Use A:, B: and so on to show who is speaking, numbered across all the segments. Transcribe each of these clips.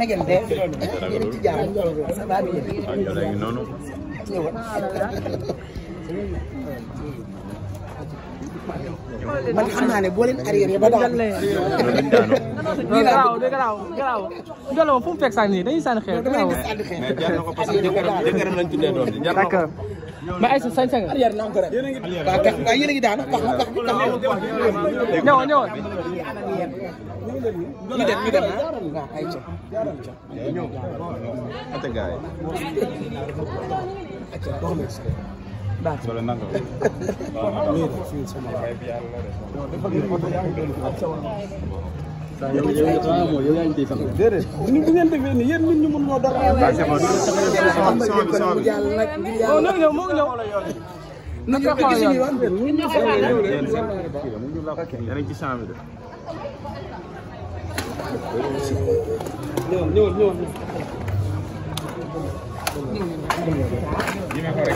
A: na ngeen def yéen a ci jàmm ça va bien. man xam naa ne boo leen arrière ba daal. garaaw garaaw garaaw. Ndioloma fu mu fekk sax nii dañuy sànni xeer. garaaw mais jar na ko parce que jëkkëram jëkkëram lañ tuddee doom bi jar na ko. mais Aïssa sañ sañ. arrière naa ko ren. waaw tax waaw yéen a ngi daanu tax na tax na. ñëwoon ñëwoon. ñu dem ñu dem waaw Aïcha. ñëw. wala nanga yow yow yow yaa ngi ciy sax. déedéet ni bu ngeen defee nii yéen nit ñi mun moo dara. waaw c'est bon non non non non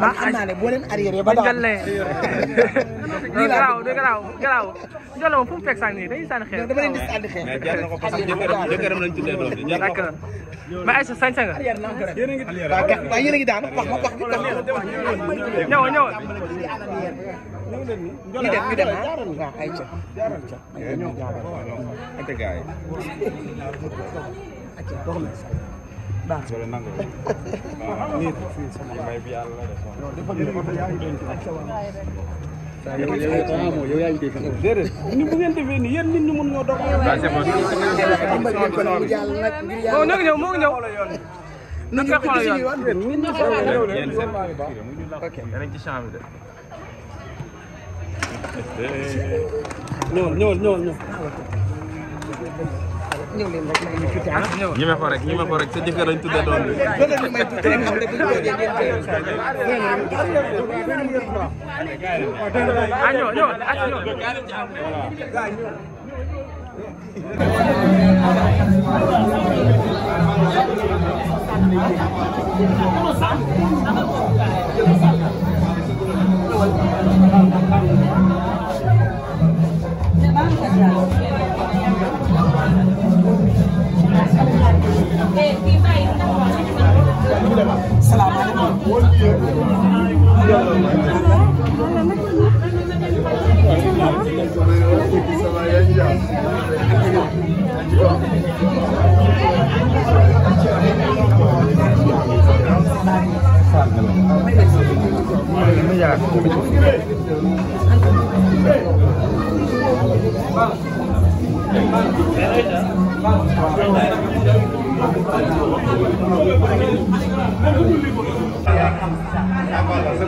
B: man xam naa ne boo leen arrière ba daaw lii
A: laa garaaw garaaw garaaw Ndiol moom fu mu fekk sànni dañuy sànni xeer. dama leen di sànni xeer. mais jar na ko parce que jëkkëram lañ tuddee doom bi. d'accord mais Aïssa sañ nga. waaw yéen a ngi daan wax ma wax bi tam. ñëwal ñëwal. ñu dem ñu dem ah waaw Aïssa. Aïssa gars yi. waaw loolu nangu la. waaw lii mbay bi yàlla la de soxna.
B: déedéet
A: ni bu ngeen defee nii yéen nit ñi mun ñoo doog. waaw nag ñëw moo ngi ñëw. na nga xool yoon nit ñi xool yoon. yéen seen kii danañ ci chambre de. ñëwal ñëwal ñëwal ñëwal. ñëw leen ñu tuuti ah. ñi ma ko rek ñi ma ko rek sa jëkkër dañ tuddee doon bi. doon ñu jógee ngeen koy. ah ñëw ñëw ah sa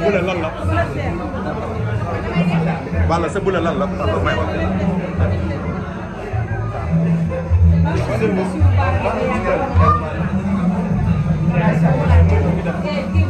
A: bële lan la Balla sa bële lan la may wax Thank you.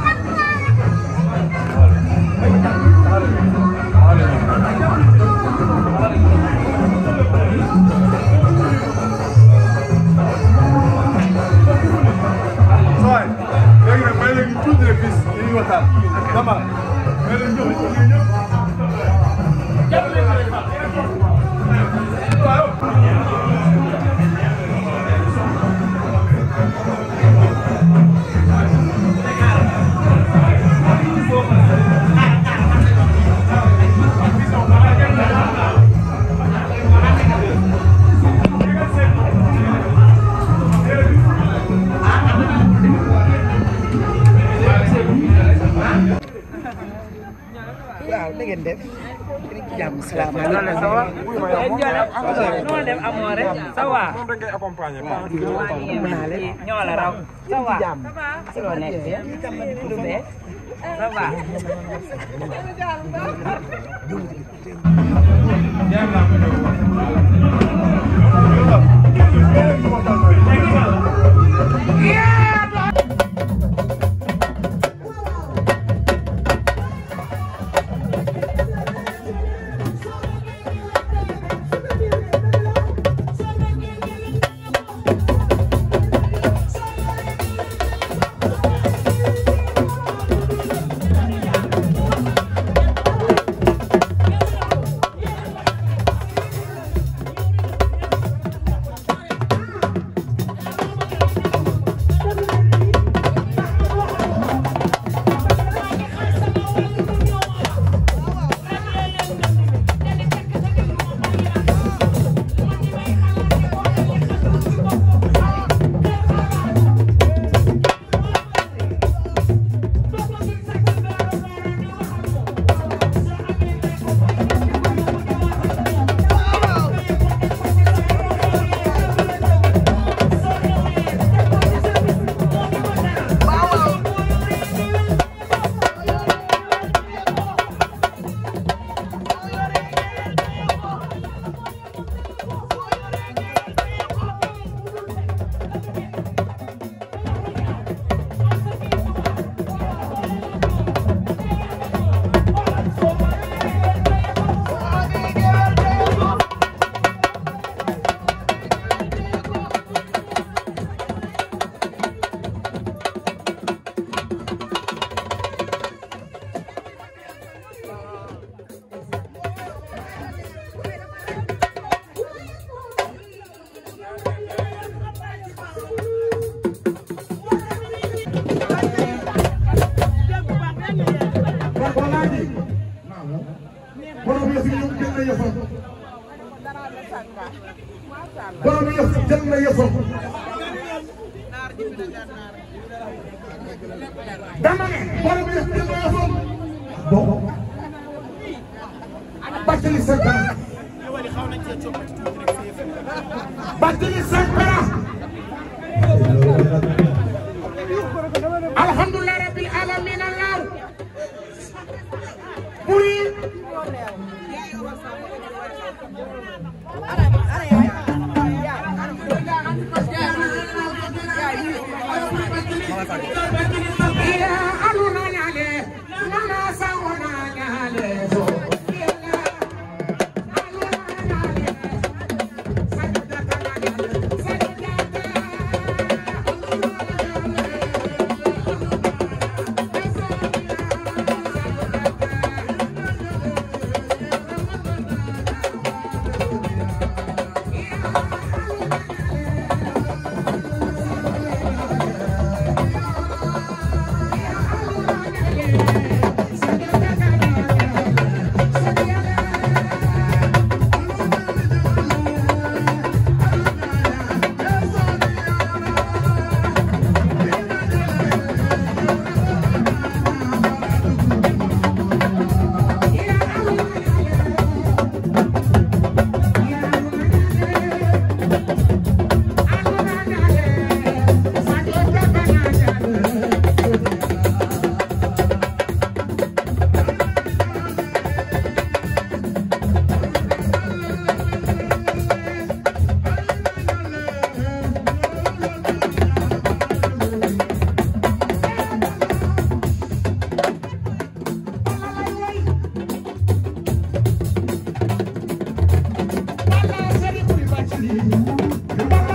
A: asalaamaaleykum dem amoo rek ça va. ñoo la raw. ça dama ne borom def bi ma waxoon boo allah buri Thank you.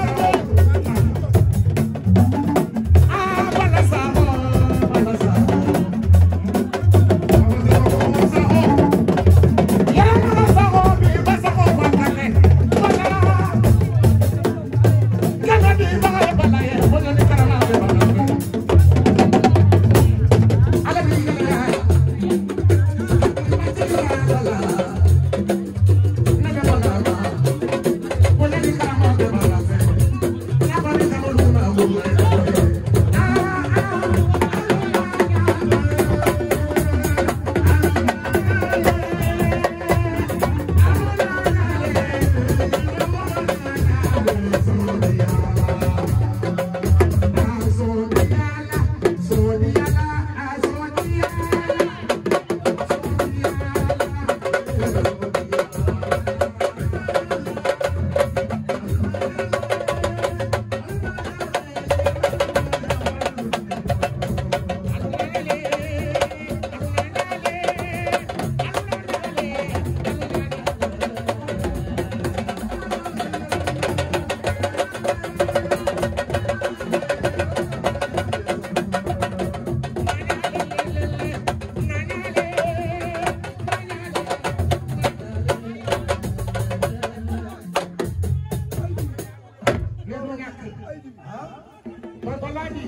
A: mooy ko laaj yi.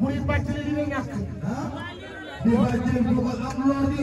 A: muy bàcc li ñu ñàkk. ah. muy bàcc li ñu ko am loolu.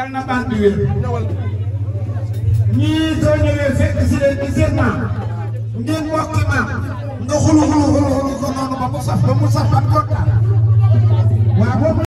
A: yal na baat bi wér ñii soo ñëwee fekk si leen di seen maam ngeen wokki maam nga xulu xulu xulu xulu ko noonu ba mu saf ba mu saf ba mu kontaan waaw